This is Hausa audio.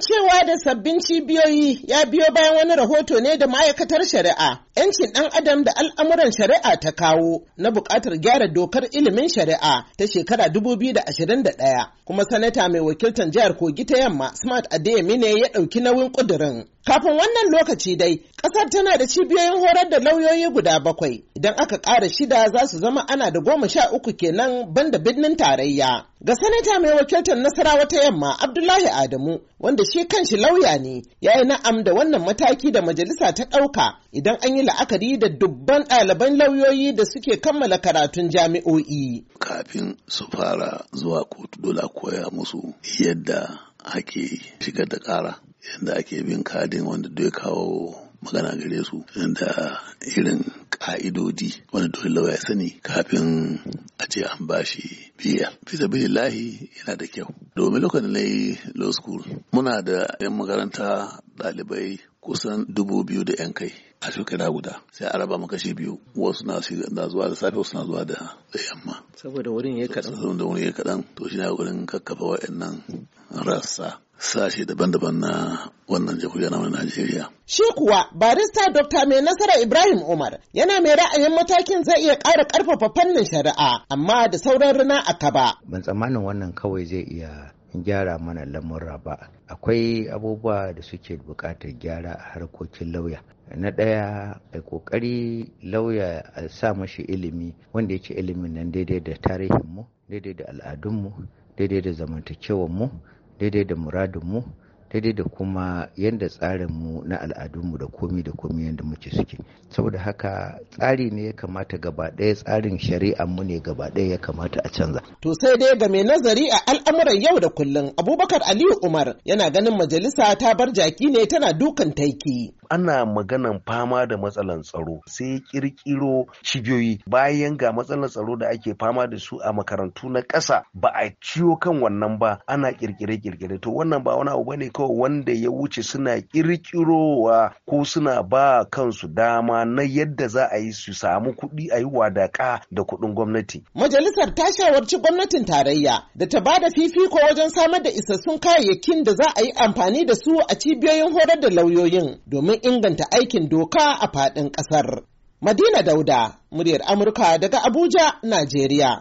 cewa da sabbin cibiyoyi ya biyo bayan wani rahoto ne da ma'aikatar shari'a, 'yancin ɗan adam da al'amuran shari'a ta kawo na bukatar gyara dokar ilimin shari'a ta shekara 2021, kuma sanata mai wakiltar jihar Kogi ta yamma Smart Adeyemi ne ya ɗauki nauyin ƙudurin. Kafin wannan lokaci dai, ƙasar tana da cibiyoyin horar da lauyoyi guda bakwai, idan aka ƙara shida za su zama ana da goma sha uku kenan banda birnin tarayya. Ga sanata mai wakiltar Nasarawa ta yamma Abdullahi Adamu, wanda shi kanshi lauya ne, ya yi na'am da wannan mataki da majalisa ta ɗauka idan an yi la'akari da dubban ɗaliban lauyoyi da suke kammala karatun jami'o'i. Kafin su fara zuwa kotu dole koya musu yadda ake shigar da ƙara yadda ake bin kadin wanda dai kawo magana gare su da irin ka'idodi wanda dole lauya ya sani kafin a ce an bashi biya fisa lahi yana da kyau domin lokacin da yi law school muna da 'yan makaranta ɗalibai kusan dubu biyu da 'yan kai a shekara guda sai a raba kashi biyu wasu na zuwa da safe wasu na zuwa da yamma saboda wurin ya kaɗan saboda wurin ya kaɗan to shi na wurin kakkafa wa'annan rassa sashe daban-daban na wannan jamhuriyar na Najeriya. Shi kuwa barista Dr. Mai Nasara Ibrahim Umar yana mai ra'ayin matakin zai iya ƙara ƙarfafa fannin shari'a amma da sauran rina a kaba. Ban tsammanin wannan kawai zai iya gyara mana lamurra ba. Akwai abubuwa da suke buƙatar gyara a harkokin lauya. na ɗaya a ƙoƙari lauya a sa mashi ilimi wanda yake ilimin nan daidai da tarihinmu daidai da al'adunmu daidai da zamantakewanmu daidai da muradinmu daidai da kuma yadda tsarinmu na al'adunmu da komi da komi yadda muke suke saboda haka tsari ne ya kamata gaba ɗaya tsarin shari'anmu ne gaba ɗaya ya kamata a canza to sai dai ga mai nazari a al'amuran yau da kullum abubakar aliyu umar yana ganin majalisa ta bar jaki ne tana dukan taiki ana maganan fama da matsalan tsaro sai kirkiro cibiyoyi bayan ga matsalan tsaro da ake fama da su a makarantu na ƙasa ba a ciwo kan wannan ba ana kirkire kirkire to wannan ba wani abu bane kawai wanda ya wuce suna kirkirowa ko suna ba kansu dama na yadda za a yi su samu kuɗi a yi wadaka da kuɗin gwamnati majalisar ta shawarci gwamnatin tarayya da ta ba da fifiko wajen samar da isassun kayayyakin da za a yi amfani da su a cibiyoyin horar da lauyoyin domin don inganta aikin doka a faɗin ƙasar. Madina Dauda, muryar Amurka daga Abuja, Najeriya.